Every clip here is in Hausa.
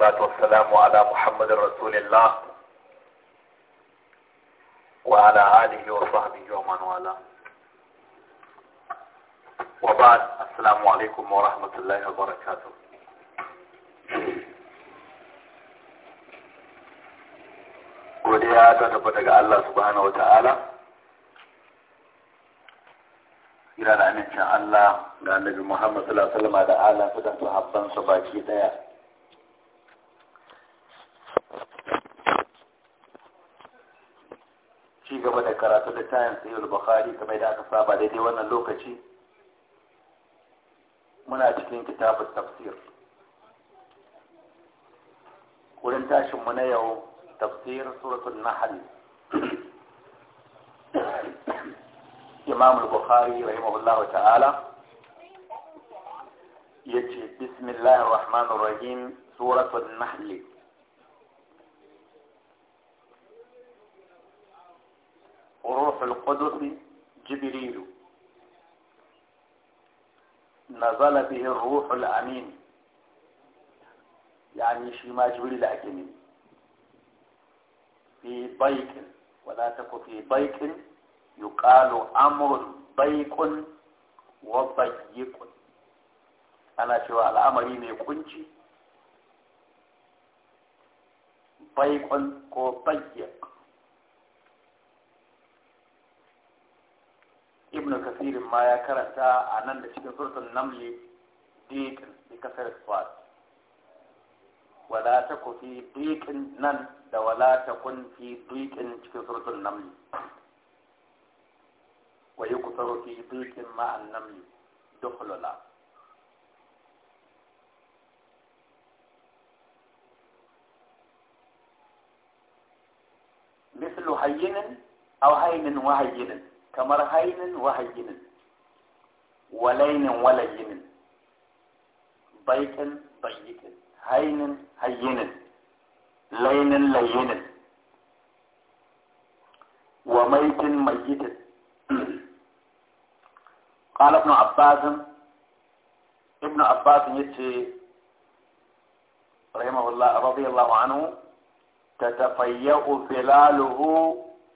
والصلاة والسلام على محمد رسول الله وعلى آله وصحبه ومن والاه وبعد السلام عليكم ورحمة الله وبركاته godiya ta tabbata ga Allah subhanahu wa ta'ala ira da amincin Allah ga annabi Muhammad sallallahu alaihi wasallam da ala su da su baki daya game da karatu da tayin sayar bukhari kamar da aka saba daidai wannan lokaci muna cikin kitabun tafsir wurin mu na yau tafsir suratul nahl imam al-bukhari rahimahullahu ta'ala yace bismillahir rahmanir rahim suratul nahl وروح القدس جبريل نزل به الروح الأمين يعني شي ما جبريل أكمل في بيك ولا تكو في بيك يقال أمر ضيق وضيق أنا شو الأمر ما يكونش ضيق وضيق ibn kasirin ma ya karanta a nan da cikin surtun namli dikin bi kasar swat wala ta ku fi dikin nan da wala ta kun fi dikin cikin surtun namli wa yi kusaru fi dikin ma'an namli dukhlula مثل هين أو هين وهين kamar hainin wahayyinin walainin walayinin baitin bayyitin hainin hayyinin lainin layinin وميت ميت قال ابن عباس ابن عباس يتي رحمه الله رضي الله عنه تتفيأ ظلاله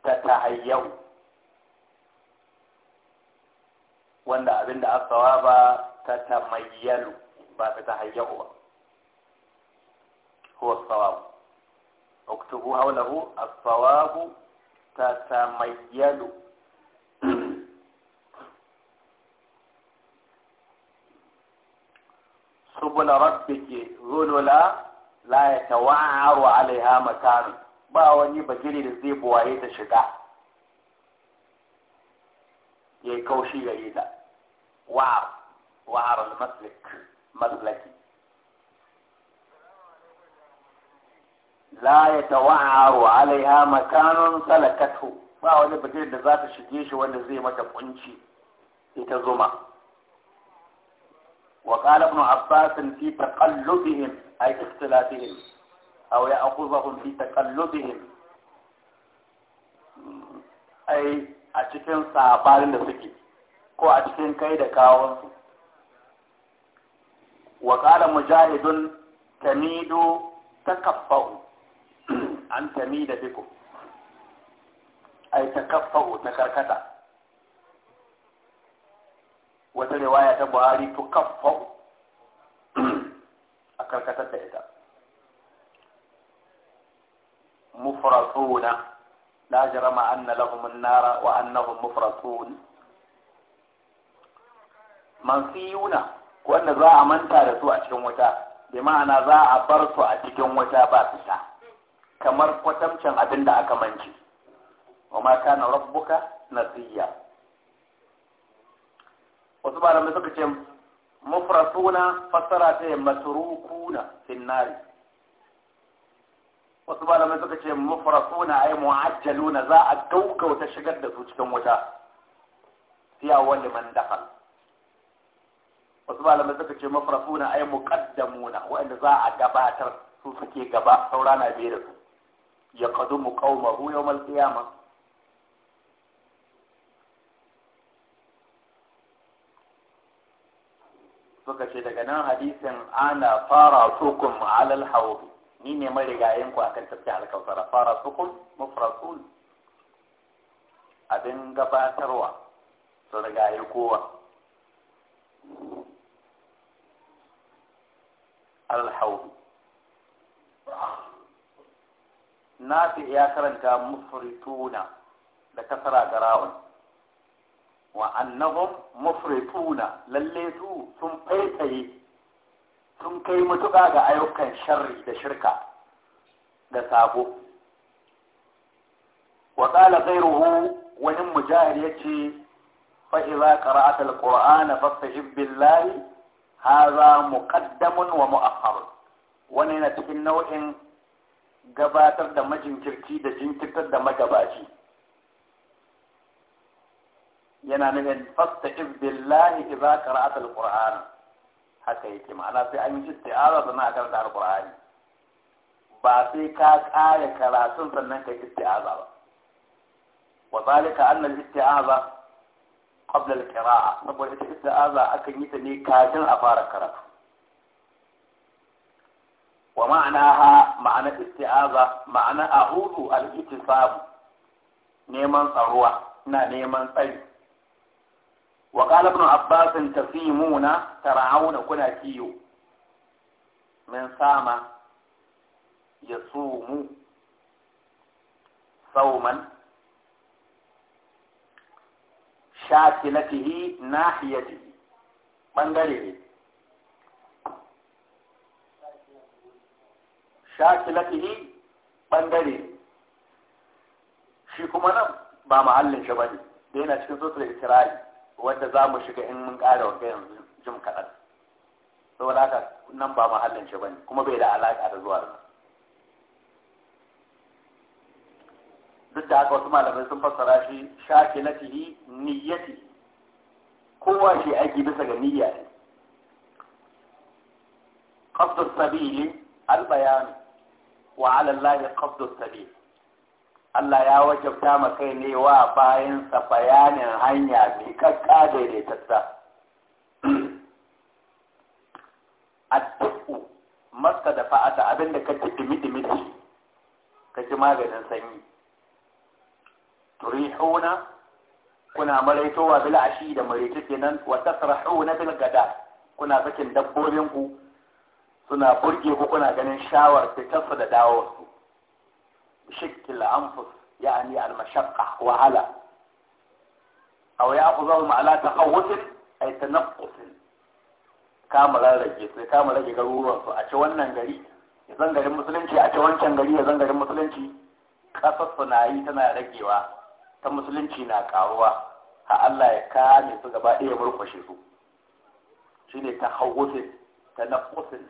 تتهيأ wanda abin da wa ba ta tamayyalu ba ta tahayyahu ba huwa asawabu uktubu haulahu asawabu ta tamayyalu subul ke zulula la yatawa'aru alaiha makanu ba wani bagiri da zai buwaye ta shiga yayi kaushi gare ta waar waaral maslik maslaki la ya tawaru alaiha makanun salakatu ba wani bijir da za ta shige shi wanda zai mata kunci ita zuma wa qala ibn abbas fi taqallubihim ay ikhtilafihim aw ya'khudhuhum fi taqallubihim ay a cikin sabarin da suke ko a cikin kai da kawunsu wa ƙara mujahidun tamidu takaffa'u an tamida biku ai takaffa'u ta karkata wata riwaya ta buhari tukaffa'u a karkatar da ita mufrasuna la jarama anna lahum an-nara wa annahum mufrasun mansiyuna wanda za a manta da su a cikin wuta bi ma'ana za a bar su a cikin wuta ba fita kamar kwatamcin abin da aka manci wa ma kana rabbuka nasiya wasu ba suka ce mufrasuna fassara ta yi masurukuna finnari wasu malamai suka ce mufrasuna ai mu'ajjaluna za a gaugauta shigar da su cikin wuta siya wani man wasu malamai suka ce mafrafuna ai muqaddamuna wanda za a gabatar su suke gaba saura na biye da su ya hu qaumahu yawmal qiyamah suka ce daga nan hadisin ana fara sukun alal hawbi ni ne marigayen ku akan tafki alkausara fara sukun mafarafun abin gabatarwa su rigaye kowa alal haudu ya karanta mufrituna da kasara da rawun wa annahum mufrituna lalle su sun faitaye sun kai mutuka ga ayyukan sharri da shirka da sabo wa qala ghayruhu wani mujahid yace fa idza qara'ata al-qur'ana fastahib billahi haza muqaddamun wa mu'akhkharun wani na cikin nau'in gabatar da majinkirci da jinkirtar da magabaci yana nufin fasta'iz billahi idza qara'ata alquran haka yake ma'ana sai an yi isti'aza sannan a karanta alqur'ani ba sai ka ƙara karatun sannan ka isti'aza ba wa zalika anna al-isti'aza qabla al-qira'a saboda ita isti'aza akan yi ta ne kafin a fara karatu wa ha ma'ana isti'aza ma'ana a'udu al-ittisab neman tsaruwa ina neman tsari wa qala ibn abbas tafimuna tar'auna kuna kiyo min sama yasumu sauman shakilatihi nahiyatihi bangare ne shakilatihi bangare shi kuma nan ba mahallin shi bane da yana cikin sotar isra'i wadda za mu shiga in mun kare wanda yanzu jim kaɗan saboda haka nan ba mahallin shi bane kuma bai da alaƙa da zuwa da duk da haka wasu malamai sun fassara shi shaki na fihi niyyati kowa shi aiki bisa ga niyya ne qasdus sabili albayan wa ala Allah qasdus Allah ya wajabta ma kai ne wa bayan sa bayanin hanya mai kakka daidaitatta addu'u masta da fa'ata abinda ka dimi dimi ka ji maganin sanyi turihuna kuna maraitowa bil ashi da maraice kenan wa tasrahuna bil gada kuna sakin dabbobin ku suna burge ku kuna ganin shawar fitarsa da dawowar su bishikil anfus yani al mashaqqa wa hala aw ya'khudhuhum ala taqawwuf ay tanaqqus kama rarrage sai kama rage garuruwan su a ci wannan gari ya zan musulunci a ci wancan gari ya zan musulunci kasar su na yi tana ragewa ta musulunci na karuwa ha Allah ya kame su gaba ɗaya murkushe su shi ne ta shine tahawufin tanaffusin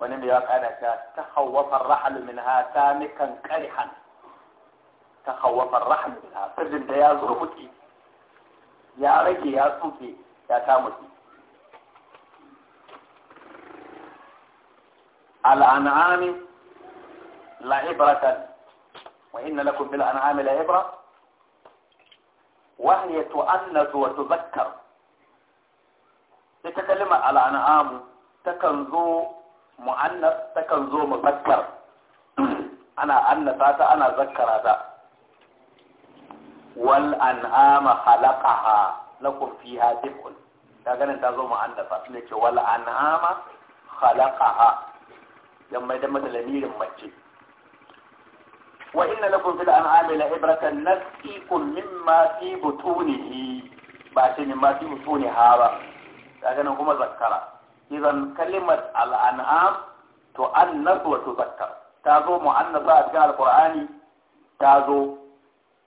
wani mai waka da ta ta tahawwafar rahal min ha ta samikan qarihan tahawwafar rahal min ha tajin da ya zo muti ya rage ya tsufe ya ta muti al'an'ami la'ibratan wa inna lakum bil an'ami la'ibratan وهي تؤنث وتذكر ita kalmar al'an'amu takan zo mu'annas takan zo muzakkar ana annasa ta ana zakkara ta wal an'ama khalaqaha lakum fiha dif'un ta ganin ta zo mu'annasa ne ce wal an'ama khalaqaha dan da mata lamirin mace wa inna lakum fil an'ami la ibratan nasqikum mimma fi butunihi ba ce mimma fi butuniha ba kaga nan kuma zakkara idan kalimat al to annas wa tuzakkar ta zo mu'annasa a cikin alqur'ani ta zo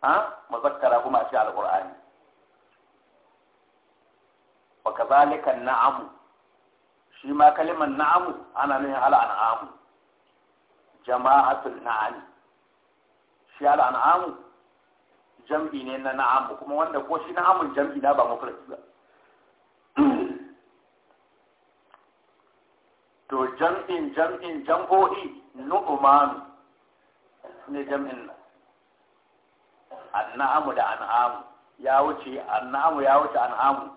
ha muzakkara kuma a cikin alqur'ani wa shi ma kalimar ana nuna al an'am jama'atul shi an'amu jam'i ne na na'amu kuma wanda ko shi na'amun jam'i na ba mafarki ba to jam'in jam'in jam'o'i nu'umanu ne jam'in nan an'amu da an'amu ya wuce an'amu ya wuce an'amu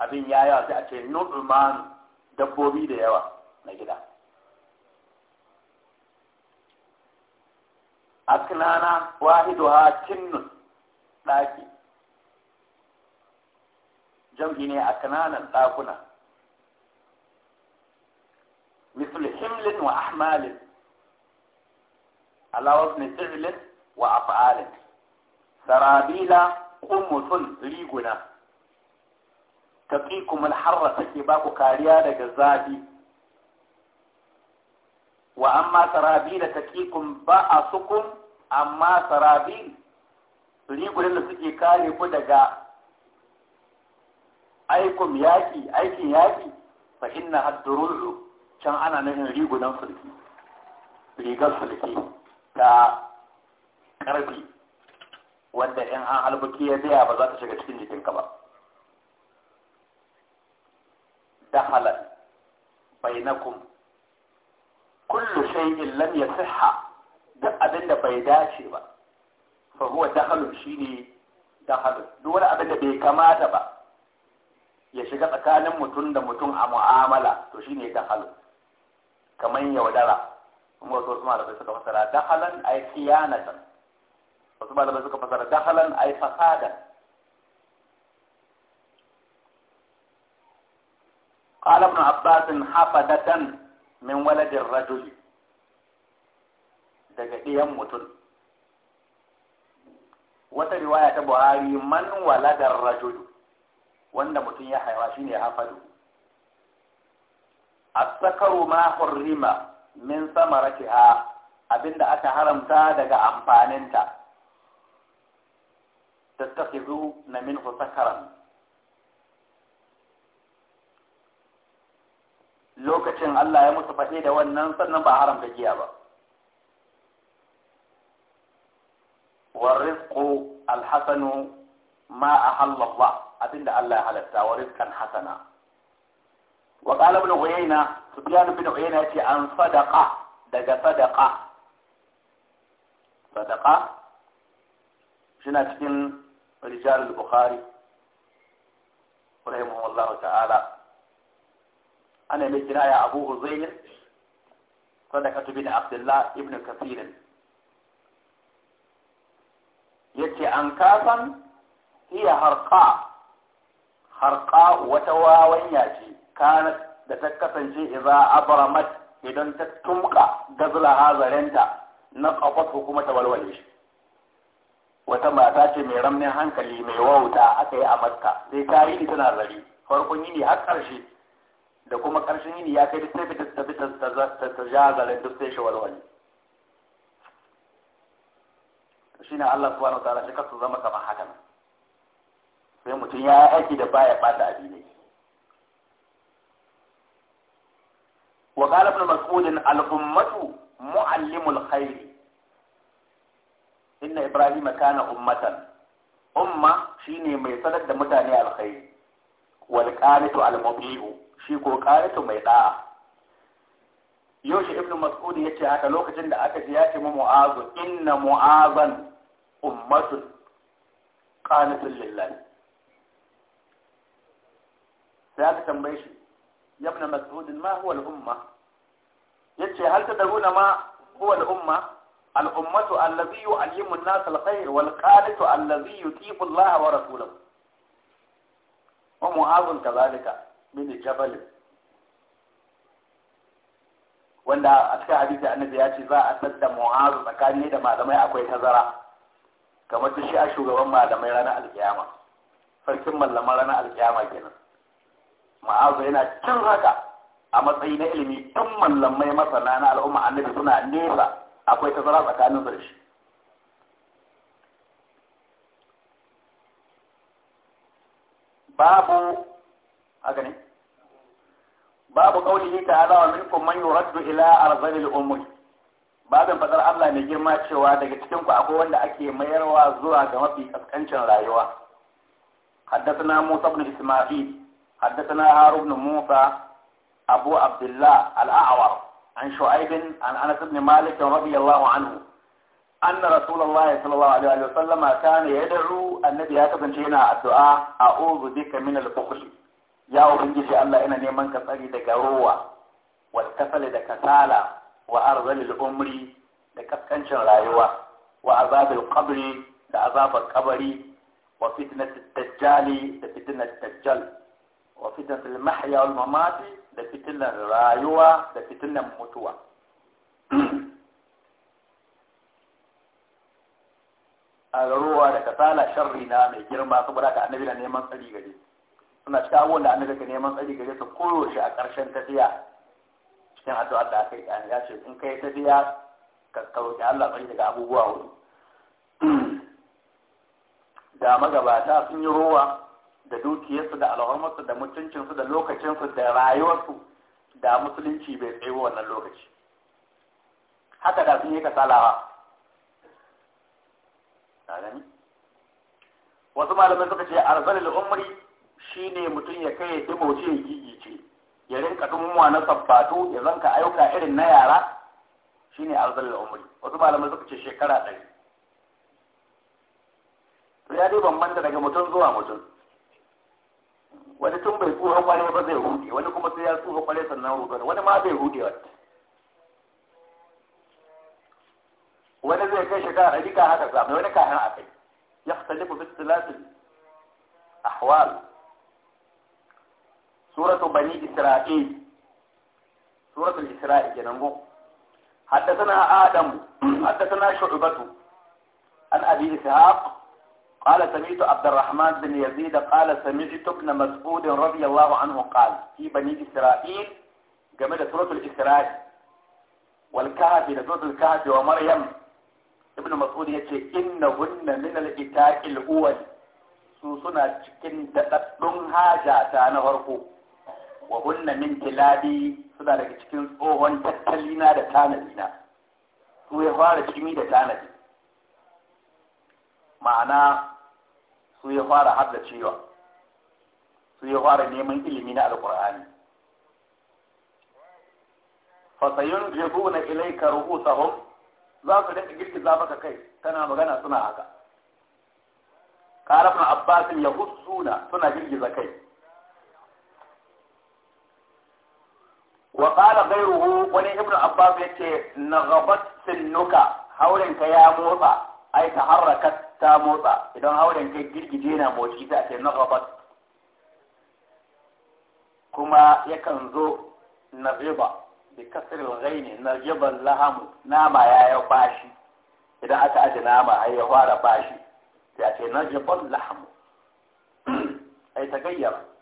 abin ya yawa sai a ce nu'umanu dabbobi da yawa na gida aknana wahiduha kinnun daki. jam'i ne a kananan ɗakuna misul himlin wa ahmalin alawar ne tirlin wa afalin sarabila ko mutum riguna ta fi kuma harra take ba ku kariya daga zafi wa amma sarabi da ba a ba'asukum amma sarabi rigunan da suke kare ku daga aikum yaki aikin yaki fa inna haddurulu can ana nan rigunan sulki rigar sulki ta karfi wanda in an halbuki ya biya ba za ta shiga cikin jikinka ba dahalan bainakum kullu shay'in lam yasihha duk abin da bai dace ba fa huwa dakhalun shine dakhalun duk wani abin da bai kamata ba ya shiga tsakanin mutum da mutum a mu'amala to shine dakhalun kamar yaudara kuma wasu malamai suka fasara dakhalan ay khiyanatan wasu malamai suka fasara dakhalan ay fasadan قال ابن عباس حفدة min waladin rajuli daga ɗiyan mutum wata riwaya ta buhari man waladar rajulu wanda mutum ya haifa shine ya hafadu asakaru ma hurrima min samaratiha abinda aka haramta daga amfaninta tattakhizu na min sakaran lokacin Allah ya mutu faɗe da wannan sannan ba haramta giya ba warrizqu Alhassanu ma ahalla Allah abinda Allah ya halatta wa rizqan hasana wa qala ibn uyayna sufyan ibn uyayna an sadaka daga sadaqa sadaka shina cikin rijal al-bukhari rahimahullahu ta'ala ana mai kinaya abu huzairin sadakatu bin abdullah ibn kafirin yace an kasan iya harka harka wata wawanya ce kana da ta kasance iza abramat idan ta tumka gazla hazarenta na kafat ko kuma ta walwale shi wata mata ce mai ramnin hankali mai wauta aka yi a matka sai ta yi tana zari farkon yini har ƙarshe da kuma ƙarshen yini ya kai duk sai ta tafi ta jazala duk sai shi walwali shi ne Allah subhanahu ta'ala shi kasu zama kamar hakan sai mutum ya yi aiki da baya ɓata addinai wa qala ibn mas'ud al-ummatu muallimul khair inna ibrahima kana ummatan umma shine mai sanar da mutane alkhairi wal qanitu al-mubi'u shi ko qanitu mai ɗa'a. yau shi ibnu mas'ud ce haka lokacin da aka ji ya ce mu'azu inna mu'azan ummatun qanitun lillahi sai aka tambaye shi ya mas'ud ma huwa al-umma yace hal tadruna ma huwa al-umma الأمة الذي يعلم الناس الخير والقانت الذي يطيع الله ورسوله ومعاذ mini jabal wanda a cikin hadisi annabi ya ce za a sadda mu'azu tsakani da malamai akwai tazara kamar ta shi a shugaban malamai ranar alkiyama sarkin mallaman ranar alkiyama kenan mu'azu yana cin haka a matsayi na ilimi tun mallamai masana na al'umma annabi suna nesa akwai tazara tsakanin su da shi babu haka ne babu qaulihi ta'ala wa minkum man yuraddu ila arzalil umri babin fadar Allah mai girma cewa daga cikin ku akwai wanda ake mayarwa zuwa ga mafi kaskancin rayuwa حدثنا موسى بن إسماعيل حدثنا هارون بن موسى أبو عبد الله الأعور عن شعيب عن أنس بن مالك رضي الله عنه أن رسول الله صلى الله عليه وسلم كان يدعو النبي هكذا هنا الدعاء أعوذ بك من البخل ya ubangiji Allah ina neman ka tsari daga rowa wattafale da kasala wa arzal al umri da kaskancin rayuwa wa azab al-qabr da azab al kabari wa fitnat fitnatul dajjal da fitnat fitnatul dajjal wa fitnat al mahya wal mamat da fitnat rayuwa da fitnat mutuwa a ruwa da kasala sharri na mai girma saboda ka annabi na neman tsari gare shi suna cikin abubuwan da annabi ka neman tsari gare su koyaushe a ƙarshen tafiya cikin addu'ar da aka yi ya ce in kai tafiya ka kauce Allah tsari daga abubuwa wuri da magabata sun yi rowa da dukiyarsu da alhormarsu da mutuncinsu da lokacinsu da rayuwarsu da musulunci bai tsaye wannan lokaci haka da sun yi kasalawa wasu malamai suka ce arzalil umri shi ne mutum ya kai ya ɗimoce ya gigice ya rinka ɗumuwa na sabbato ya zanka ayyuka irin na yara shi ne arzalin umri wasu malamai suka ce shekara ɗari to ya dai bambanta daga mutum zuwa mutum wani tun bai tsohon kwale ba zai hude wani kuma sai ya tsohon kwale sannan hudu wani ma bai hude wata wani zai kai shekara ɗari ka haka zamai wani kayan a kai ya fita fi istilatin ahwal سورة بني إسرائيل سورة الإسرائيل جنبه حدثنا آدم حدثنا شعبة عن أبي إسحاق قال سمعت عبد الرحمن بن يزيد قال سمعت ابن مسعود رضي الله عنه قال في بني إسرائيل جمد سورة الإسرائيل والكهف سورة الكهف ومريم ابن مسعود يقول إنهن من الإتاء الأول سوسنا تكن تتبن هاجاتا نغرقو wa hunna min kiladi suna daga cikin tsohon tattalina da tanadina su ya fara kimi da tanadi ma'ana su ya fara hadda cewa su ya fara neman ilimi na alkur'ani fasayun jebu na ilaika sahun, za su daga za maka kai tana magana suna haka karafin abbasin ya suna girgiza kai wa qala ghayruhu wani ibn abbas yace naghabat sinuka ka ya motsa ai ta harakat ta motsa idan haurenka girgije na motsi ta ce naghabat kuma yakan zo nagiba bi kasril ghaini nagiban lahamu nama ya ya bashi idan aka aje nama ai ya fara bashi ya ce nagiban lahamu ai ta gayyara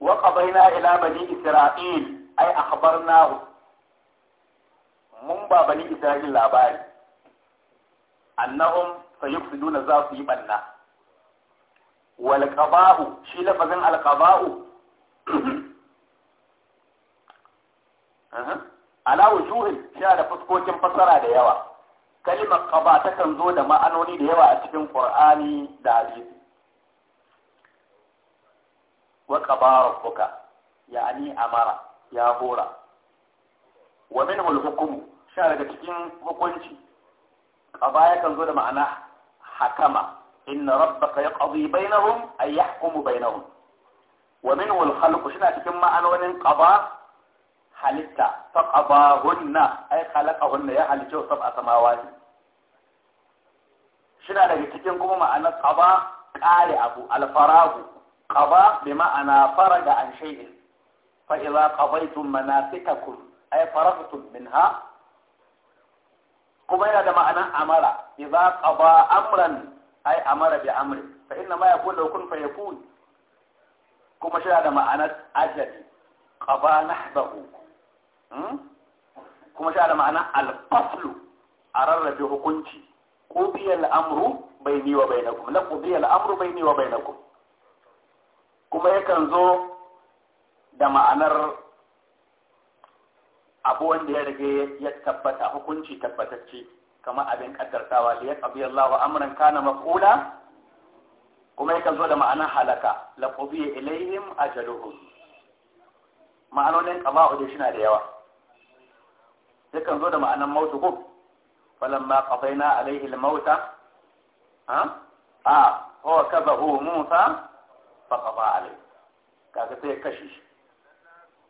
وقضينا إلى بني إسرائيل أي أخبرناه من بني إسرائيل لاباري أنهم سيفسدون ذا في بنا شي لفظ القضاء ala wujuhin suna da fuskokin fasara da yawa kalimar qaba takan zo da ma'anoni da yawa a cikin qur'ani da hadisi wa qaba rabbuka yani amara ya hora wa min al-hukmu sha daga cikin hukunci ya kan zo da ma'ana hakama inna rabbaka yi bainahum bai na bainahum wa min al shi na cikin ma'anonin ƙaba halitta ta ƙaba faqabahunna ay hunna ya halice sab'a samawati shi daga cikin kuma ma'anar ƙaba kare abu al-faragu qada bi ma'ana faraga an shay'in fa idza qadaytum manasikakum ay faragtum minha kuma yana da ma'anan amara idza qada amran ay amara bi amri fa inna ma yakun law kun fayakun kuma shi da ma'anar ajali qada nahbahu kuma shi da ma'anar al-qaslu a rarrabe hukunci qudiya al-amru bayni wa bainakum la qudiya al-amru bayni wa bainakum kuma yakan zo da ma'anar abu wanda ya rage ya tabbata hukunci tabbatacce kamar abin kaddartawa da ya ƙabi Allah amran kana maf'ula kuma yakan zo da ma'anar halaka laqudiya ilaihim ajaluhum ma'anonin qaba'u da na da yawa yakan zo da ma'anar mautu ko falamma qadaina alaihi almauta ha a ah, huwa kazahu musa فقضى عليه كذا تي كشيش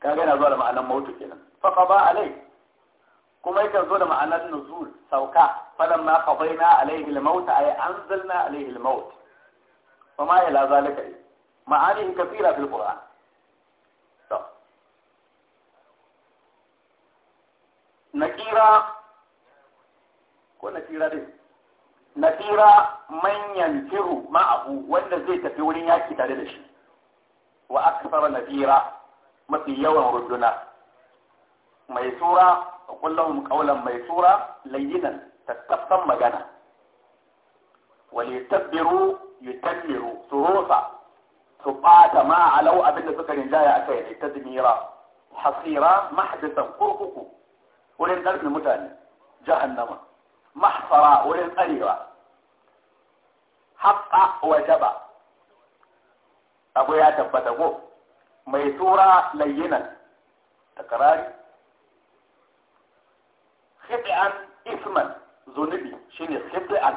كذا نزول معنا موت كذا فقضى عليه كما يكذول معنا النزول سوكا فلما قضينا عليه الموت أي أنزلنا عليه الموت فما إلى ذلك معاني كثيرة في القرآن نكيرة كون نكيرة دي nasira manyan firu ma'ahu wanda zai tafi wurin yaki tare da shi wa aksara nasira mafi yawan runduna mai sura wa kullahum qawlan mai sura layyinan tattaffan magana wa litabbiru yutabbiru surusa su bata ma alau abinda suka rinjaya aka yi tadmira hasira mahdisan kurkuku wurin karfin mutane jahannama mahsara wurin tsarewa haƙa wajaba abu ya tabbata ko mai tura layyinan takarari khid'an isman zunubi shine khid'an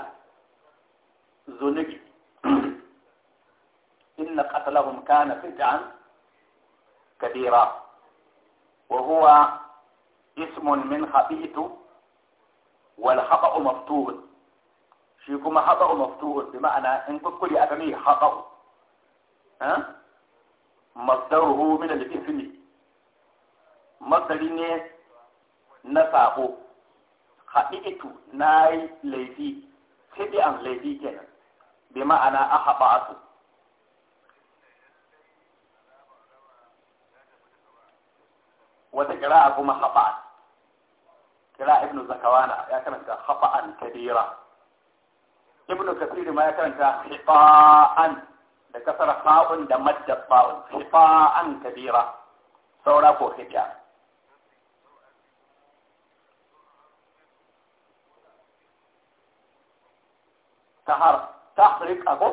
zunubi inna qatlahum kana khid'an kabira wa huwa ismun min khabitu wal khata'u maftun shi kuma haɗa'u maftuhun bi ma'ana in kuskure aka mai haɗa'u masdaruhu min al-ismi masdari ne na sabo haɗi'itu na yi laifi an laifi kenan bi ma'ana a haɓa'atu wata kira'a kuma haɓa'at kira ibnu zakawana ya karanta haɓa'an kabira ibn kasir ma ya karanta Hifa'an da kasar fa'un da madda fa'un Hifa'an kabira saura ko hijja tahar tahriq abu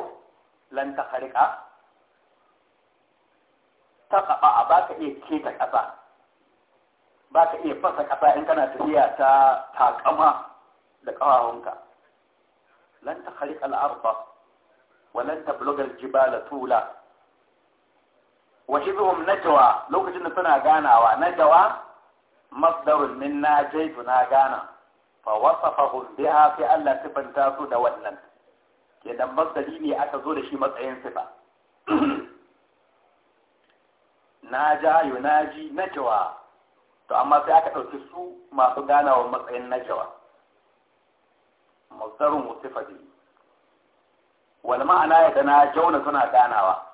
lan tahriqa taɓa a ba ka iya keta ƙasa ba ka iya fasa ƙasa in kana tafiya ta takama da ƙawawanka lan takhriqa al-ardh wa lan tablugha al-jibala tula wa hizhum lokacin da suna ganawa najwa masdarun min najaytu na gana fa wasafahu biha fi Allah sifanta su da wannan ke dan ne aka zo da shi matsayin sifa naja yunaji najwa to amma sai aka ɗauki su masu ganawa matsayin najwa mazdarun mutifadi wani ma'ana ya gana jauna suna ganawa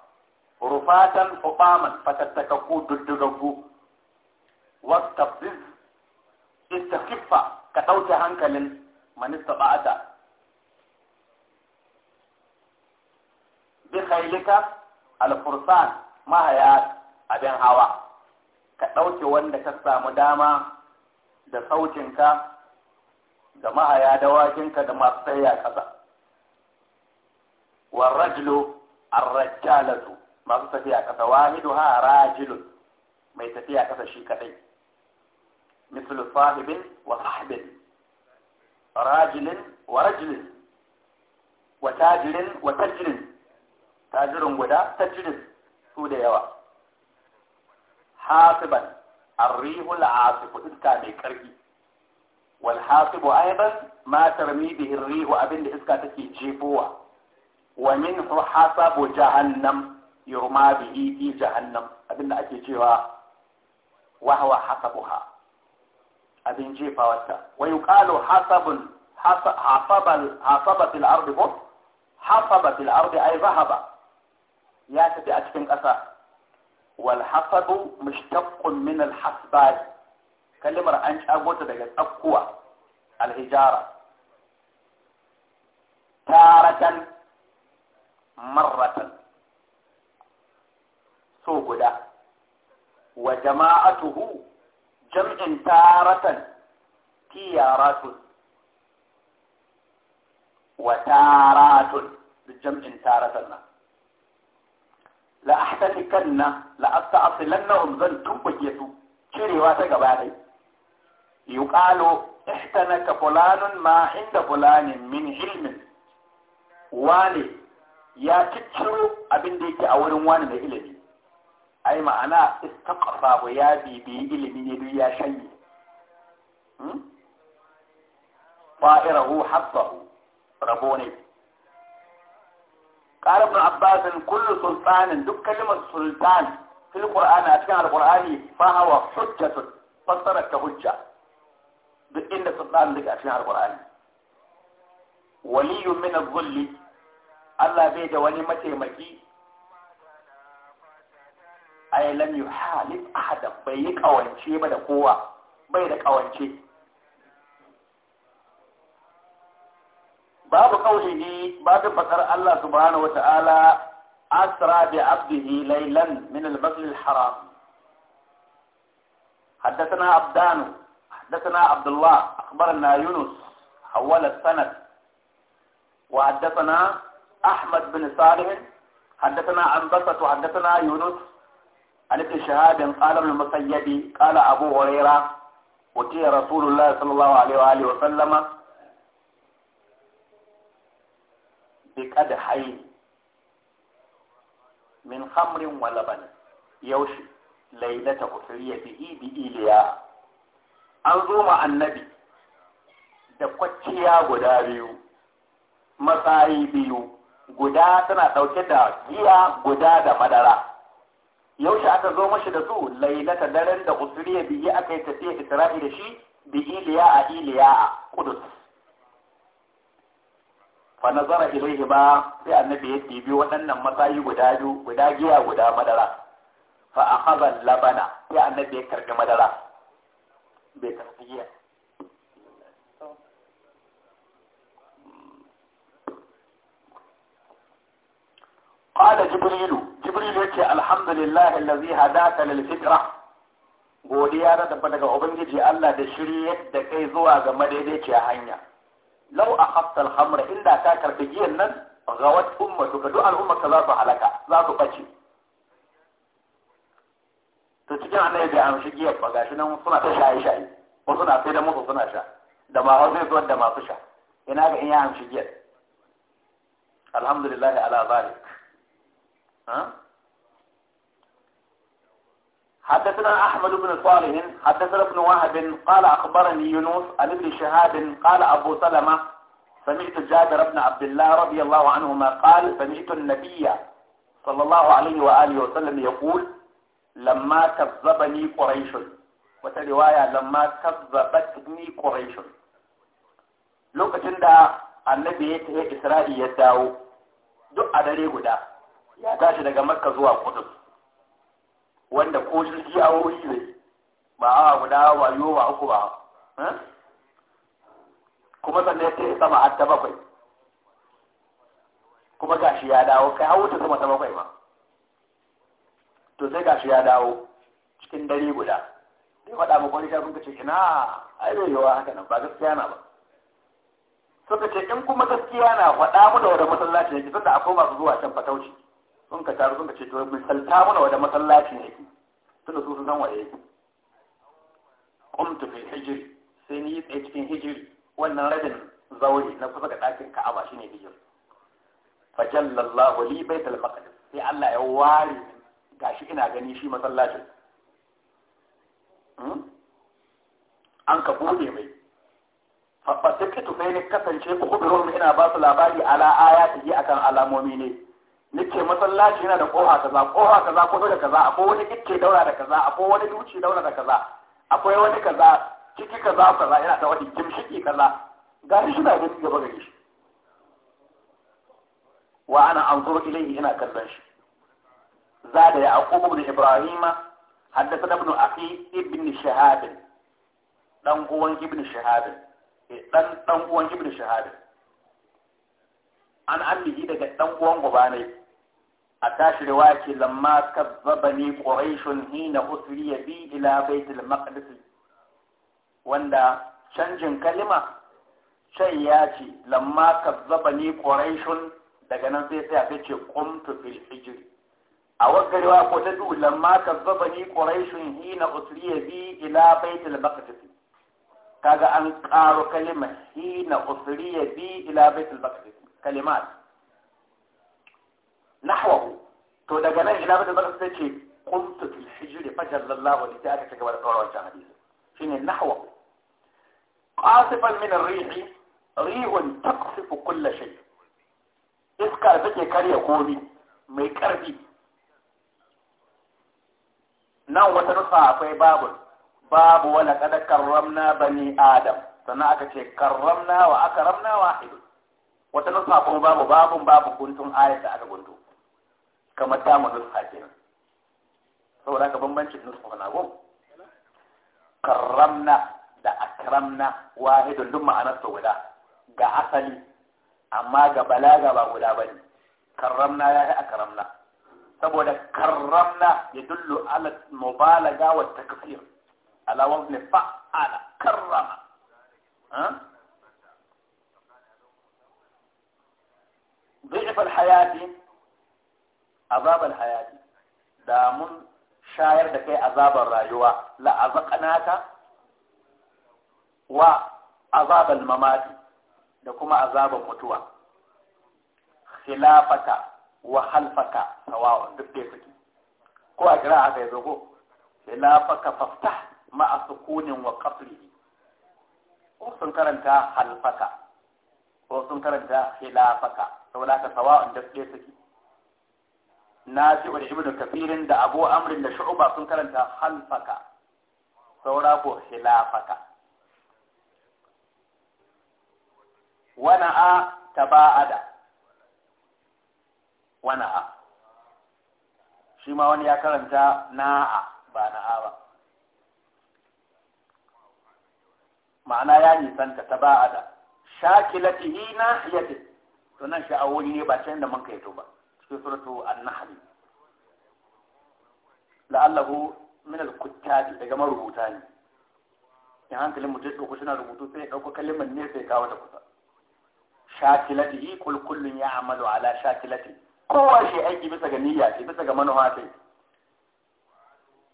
rufatan fuɓaman fatattakakku duddugaggu wasu tafzis ita kiffa ka ɗauke hankalin manista ba'ata bi khailika alfursan mahaya abin hawa ka ɗauke wanda ka samu dama da sautinka da mahaya ka da masu tsaya ƙasa ar arrajjalatu masu tafiya ƙasa wahidu ha rajilun mai tafiya ƙasa shi kadai mithlu sahibin wa sahibin rajulin wa rajulin wa tajirin wa tajirin tajirin guda tajirin su da yawa hasiban arrihul asifu iska mai karfi wal hasibu aidan ma tarmi bihi rihu abinda iska take jefowa wa minhu hasabu jahannam yurma bihi fi jahannam abinda ake cewa wa huwa hasabuha abin jefawarta wa yuqalu hasabun hasabal hasaba fil ardi hasaba fil ardi ay zahaba ya tafi a cikin ƙasa wal hasabu mushtaqqun min kalmar an cagota daga tsakkuwa alhijara taratan marratan so guda wa jama'atuhu jam'in taratan tiyaratun wa taratun jam'in taratan nan la ahtatikanna la asta'silanna zan tubbake su cirewa ta gaba dai yuqalu ihtanaka fulanun ma inda fulanin min ilmin wani ya cicciro abin da yake a wurin wani da ilimi ai ma'ana istaqfa ya bibi ilimi ne duk ya shanye fa'irahu habbahu rabo ne قال ابن عباس كل سلطان دك كلمة سلطان في القرآن أتكلم القرآن فهو حجة فصرت كهجة بإلا سلطان لك أثناء القرآن ولي من الظل الله بيد متي مكي أي لم يحالف أحد بيك أو أنشي بدا قوة بيدك أو أنشي باب قوله باب فكر الله سبحانه وتعالى أسرى بعبده ليلا من المسجد الحرام حدثنا عبدانه حدثنا عبد الله أخبرنا يونس حول السند وحدثنا أحمد بن صالح حدثنا عن بسط وحدثنا يونس عن ابن شهاب قال ابن المسيب قال أبو هريرة وتي رسول الله صلى الله عليه وآله وسلم بقدحين من خمر ولبن يوشي ليلة به بإيليا an zo ma annabi da kwacciya guda biyu matsayi biyu guda tana ɗauke da giya guda da madara yaushe aka zo mashi da su lailata daren da usuriya biyi aka yi tafiya isra'i da shi bi iliya a iliya a kudus fa nazara ilaihi ba sai annabi ya dibi waɗannan matsayi guda biyu guda giya guda madara fa akhadha labana sai annabi ya karbi madara bai Jibrilu. Jibrilu قال جبريل جبريل يقول الحمد لله الذي هداك للفكرة godiya na dabba daga ubangiji Allah da shiryar yadda kai zuwa ga a hanya lau a haftal hamra inda ta karbi giyan nan ga wata umma to ga duk al'umma ka za su halaka za su bace to cikin annabi bai amshi giyar ba gashi nan suna ta shaye shaye wasu suna sai da musu suna sha da ma hausa zuwa da masu sha ina ga in ya amshi giyar alhamdulillah ala zalik حدثنا أحمد بن صالح حدثنا ابن وهب قال أخبرني يونس عن ابن شهاب قال أبو سلمة سمعت جابر بن عبد الله رضي الله عنهما قال سمعت النبي صلى الله عليه وآله وسلم يقول lamma ni quraishun wata riwaya lamma ni quraishun lokacin da annabi ya tafi isra'i ya dawo duk a dare guda ya tashi daga makka zuwa kudus wanda ko jirgi a wuri ne ba awa guda ba ba uku ba kuma sannan ya tafi sama har ta bakwai kuma gashi ya dawo kai har ta sama ta bakwai ba to sai shi ya dawo cikin dare guda sai faɗa ma wani shafin ka ce ina ai bai yawa haka nan ba gaskiya na ba suka ce in kuma gaskiya na faɗa mu da wani masallaci ne sanda akwai masu zuwa can fatauci sun ka taru sun ka ce to misalta mu da wani masallaci ne tunda su sun san waye yake qumtu fi hijri sai ni tsaye cikin hijri wannan rabin zauri na kusa ga ɗakin Ka'aba shine hijr fajallallahu li baitul maqdis sai Allah ya ware gashi ina gani shi masallacin hmm? an ka bude mai fasikitu sai ne kasance ku mu ina ba su labari ala aya ta yi akan alamomi ne nake masallaci yana da koha kaza koha kaza ko da kaza akwai wani kicce daura da kaza akwai wani duci daura da kaza akwai wani kaza ciki kaza kaza yana da wani kimshiki kaza ga shi na gaba gari shi wa ana anzuru ilayhi ina kallon shi زاد يعقوب بن إبراهيم حدثنا ابن أخي ابن شهاب دان قوان ابن شهاب دان دان قوان ابن شهاب an amiji daga ɗan uwan uba a tashi riwaya ce lamma kazzabani quraishun hina usriya bi ila baitul maqdis wanda canjin kalima can ya ce lamma kazzabani quraishun daga nan sai sai a ce qumtu fil أوجه رواق وتدو لما كذبني قريش هنا أصلي بي إلى بيت البقرة كذا أنقار كلمة هنا أصلي بي إلى بيت البقرة كلمات نحوه تودا جنا إلى بيت البقرة كيف قلت في الحجر فجر الله ولتأتي كبر القرآن الحديث فين النحو قاصفا من الريح ريح تقصف كل شيء إذ كربتي كريه قومي ما يكربي nan wata nusa akwai babu babu wala kada karramna bani adam sannan aka ce karramna wa aka ramna wahid wata nusa kuma babu babun babu guntun ayat da aka guntu kamar ta mu nusa nan saboda aka bambancin nusa na gom karramna da akramna wahidun duk ma'anar ta guda ga asali amma ga balaga ba guda bane karramna ya yi akramna saboda karramna ya dullu ala mubalaga wa takfir ala wazn fa'ala karrama ضعف الحياة عذاب الحياة da mun shayar da kai azabar rayuwa la azaqnaka wa azabal mamati da kuma azabar mutuwa khilafata wa halfaka sawa'un duk da yake ko a jira aka yi zago ila faka faftah ma asukunin wa qasrihi ko sun karanta halfaka ko sun karanta khilafaka saboda ka sawa'un duk da yake na ce wa ibnu kafirin da abu amrin da shu'ba sun karanta halfaka saura ko khilafaka wana a taba'ada Wana A, shi ma wani ya karanta na'a ba na'a ba ma'ana ya nisanta ta ba da shakilatihi na yadda to nan sha'awuni ne ba can da manka kai to ba cikin suratu an-nahl la'allahu min al-kuttabi daga marubuta ne in hankalin mutum ɗauko suna rubutu sai ya ɗauko kalimar ne sai kawo ta kusa shakilatihi kul kullun amalu ala shakilatihi kowa shi aiki bisa ga niyya ce bisa ga manufa ce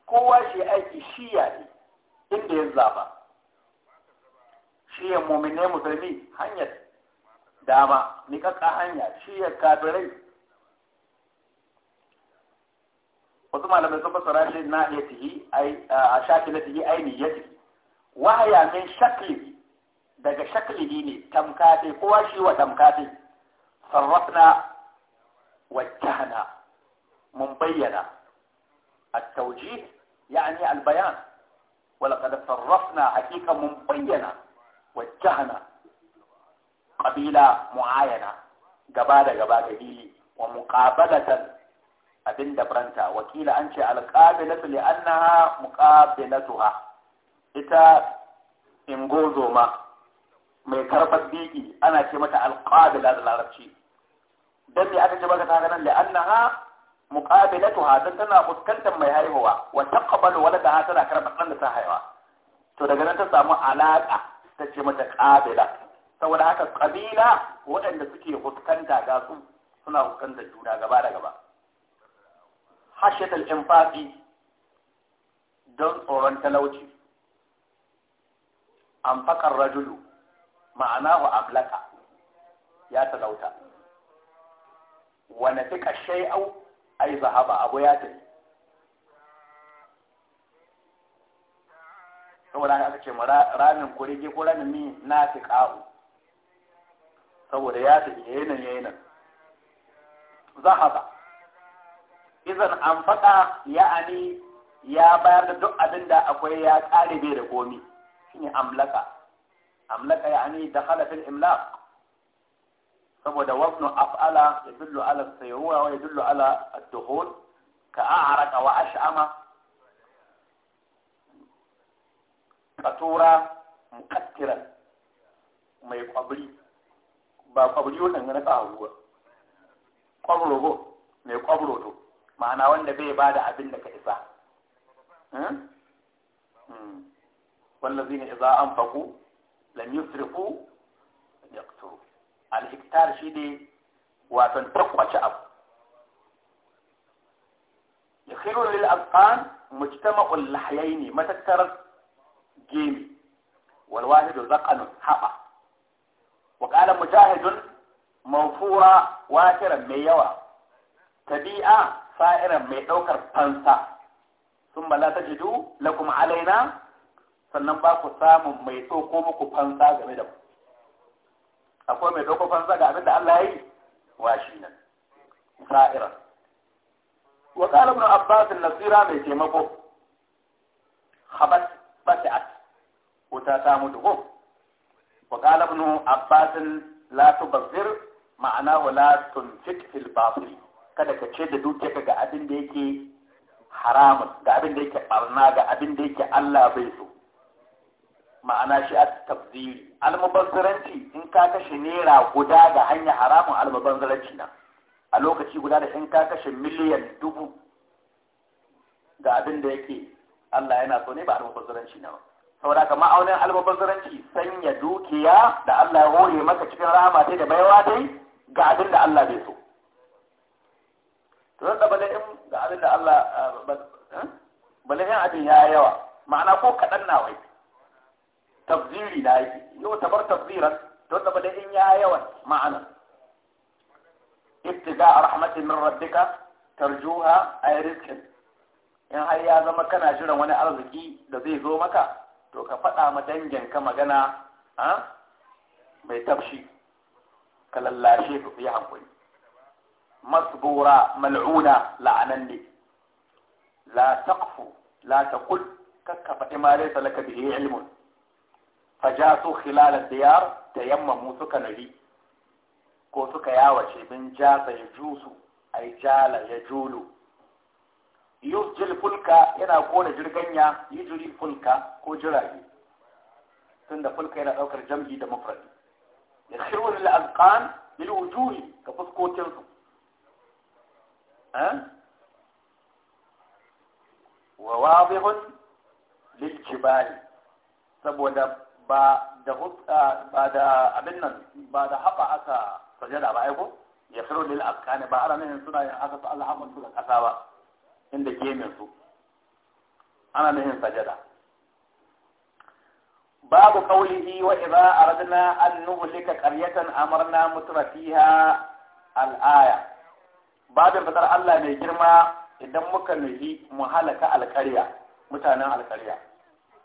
kowa shi aiki shi ya ce inda ya zaba shi ya mumine musulmi hanyar dama ni kaka, hanya shi ya kafirai wasu malamai sun fasara shi na ya tihi a shaki na tihi aini ya tihi wahaya min shakli daga shakli ne tamkate kowa shi wa tamkate sarrafna وجهنا مبينا التوجيه يعني البيان ولقد صرفنا حقيقة مبينا وجهنا قبيلة معاينة قبالة قبالة هيلي ومقابلة أبن دبرنتا وكيل أنشي القابلة لأنها مقابلتها إتا إنجوزو ما ميكربت بيكي أنا كمتا القابلة للعربشي dan me aka ce baka ta ganin la'annaha muqabilatuha dan tana fuskantar mai haihuwa wa taqbalu ha tana karɓar da ta haihuwa to daga nan ta samu alaƙa ta ce mata qabila saboda haka qabila waɗanda suke fuskanta ga su suna fuskantar juna gaba da gaba hashatul infaqi don tsoron talauci an fakar rajulu ma'ana wa ablaka ya talauta wani fika au, ai zahaba abu ya tafi saboda aka ce ma ramin kurege ko ramin mi na fi ƙa'u saboda ya tafi yayinan yayinan zahaba izan an faɗa ya'ani ya bayar da duk abin da akwai ya ƙare bai da komi shine amlaka amlaka ya'ani da halafin imlaq saboda waznu af'ala yadullu ala sayuwa wa yadullu ala ad-dukhul ka a'raqa wa ash'ama katura mukattiran mai kwabri ba kwabri wannan ne ka hawo kwabro go mai kwabro to ma'ana wanda bai bada abin da ka isa hmm? Hmm. wallazina idza anfaqu lam yusrifu yaqturu al shi ne wasan takwace abu ya khirun lil azqan mujtama'ul ne matattarar gemi wal wahidu zaqanun haba wa qala mujahidun mawfura wakiran mai yawa tabi'a sa'iran mai ɗaukar fansa sun la jidu lakum alaina sannan ba ku samun mai tsoko muku fansa game da mu. akwai mai ɗauko fansa ga abin Allah ya yi wa shi nan sa'ira wa qala ibn abbas nasira mai taimako Habas bati'at wuta ta mutu ko wa qala ibn abbas la tubazzir ma'ana wa la tunfik fil batil kada ka ce da dukiyarka ga abin da yake haramun ga abin da yake barna ga abin da yake Allah bai so ma'ana shi a tafdiri almubazzaranci in ka kashe naira guda ga hanya haramun almubazzaranci na a lokaci guda da in ka kashe miliyan dubu ga abin da yake Allah yana so ne ba almubazzaranci na ba saboda kama aunin almubazzaranci sanya dukiya da Allah ya hore maka cikin rahama dai da baiwa dai ga abin da Allah bai so to zan da in ga abin da Allah eh, bale eh? in abin ya yawa ma'ana ko kaɗan na wai tafziri na yi bar tafziran don da in ya yawan ma'ana a rahmatin min rabbika tarjuha ay rizqin in har ya zama kana jiran wani arziki da zai zo maka to ka faɗa ma danginka magana a mai tafshi ka lallashe ka yi hankali. masbura mal'una la'ananne la taqfu la taqul kakka faɗi ma laysa laka bihi ilmun fajasu khilal diyar tayammamu suka nabi ko suka yawace bin jasa ya jusu ai jala ya julu yusjil fulka yana kona jirganya yujri fulka ko jirage tunda fulka yana daukar jam'i da mufradi yakhiru lil azqan lil wujuhi ka fuskotin su wa wadihun lil kibari saboda ba da ba da abin nan ba da haba aka sajada ba aiko ya firu lil askani ba ana nan suna yin haka su Allah hamdu su da kasa ba inda gemin su ana nan sajada babu qawlihi wa idza aradna an nuhlika qaryatan amarna mutra fiha al aya babin fadar Allah mai girma idan muka nuhi mu halaka alƙarya mutanen alƙarya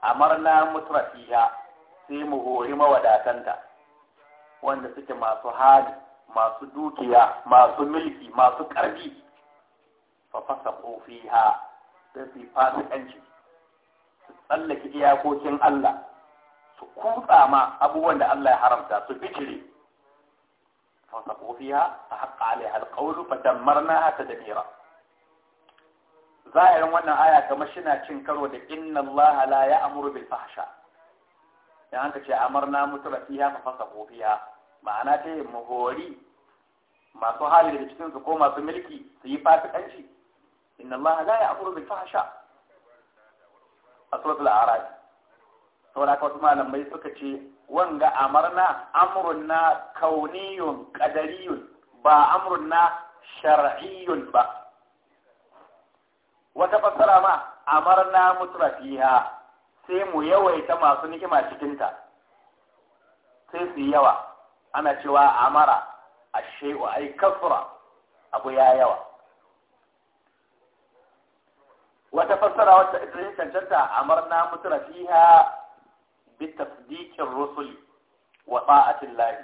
amarna mutra fiha sai mu hori mawadatanta wanda suke masu hali masu dukiya masu mulki masu ƙarfi fa fasa fiha sai su su tsallake iyakokin Allah su kutsa ma abubuwan da Allah ya haramta su bikire fa fasa fiha fa haqqa alaiha alqawlu fa dammarnaha tadmira zahirin wannan aya kamar shina cin karo da inna Allah la ya'muru bil fahsha in an ce amarna mutura fiha fa fasa kofiya ma'ana ta yi muhori masu hali da cikin su ko masu mulki su yi fasikanci inna Allah la ya'muru bil fahsha a suratul a'raf saboda haka wasu malamai suka ce wanga amarna amrunna kauniyun qadariyun ba amrunna shar'iyyun ba wata fassara ma amarna mutrafiha sai mu yawaita masu ni'ima cikinta sai su yawa ana cewa amara a shewa ai kasura abu ya yawa wata fassara wata ita cancanta amarna mutuna fiha bi tasdiqir rusuli wa ta'atil lahi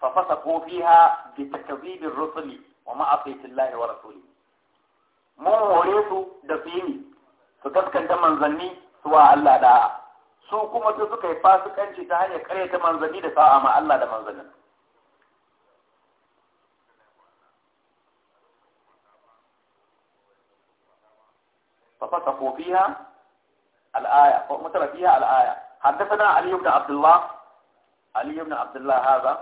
fafasa ko fiha bi takdhibir rusuli wa ma'asiyatil lahi wa rasuli mun hore su da fini su gaskanta manzanni zuwa Allah da su kuma su suka yi fasikanci ta hanyar karyata manzanni da sa'a ma Allah da manzannin. Fafasa ko fiya al'aya, haddasa Ali ibn Abdullah, Ali ibn Abdullah haza,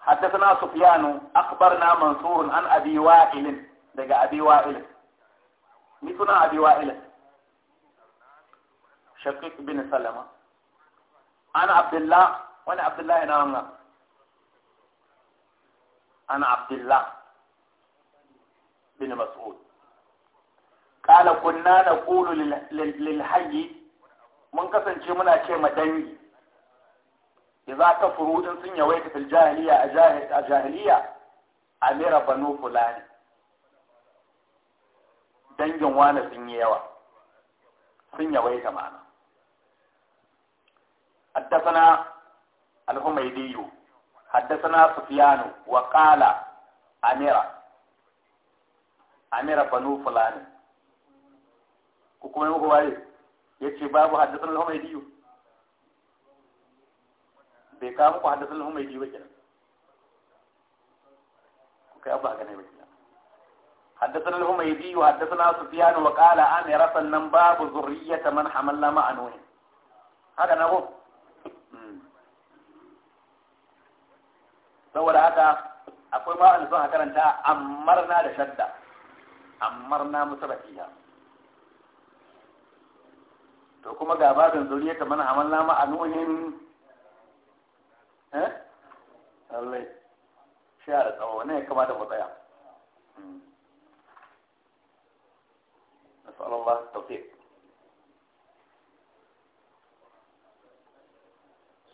haddasa na Sufiyanu, akbar na Mansurun an abi wa'ilin daga abi wa'ilin. Ni suna abi wa'ilin. shaqiq bin salama ana abdullah wani abdullah ina wanga ana abdullah bin mas'ud qala kunna naqulu lil mun kasance muna ce ma dangi idza kafuru in sun yawaita fil jahiliya a jahiliya amira banu fulani dangin wani sun yi yawa sun yawaita ma'ana حدثنا الحميدي حدثنا سفيان وقال أميرة أميرة بنو فلان كوكو هو يتي باب حدثنا الحميدي بكام kawo muku hadisin al-humaydi ba kenan ku حدثنا الهميدي وحدثنا سفيان وقال عن رسل باب ذرية من حملنا مع نوح هذا نقول saboda haka akwai ma wanda suka karanta ammarna da shadda ammarna musabatiya to kuma ga babin zuriya kamar amalna ma a nuhin eh lallai sha da tsawo ne ya kamata mu tsaya نسأل الله التوفيق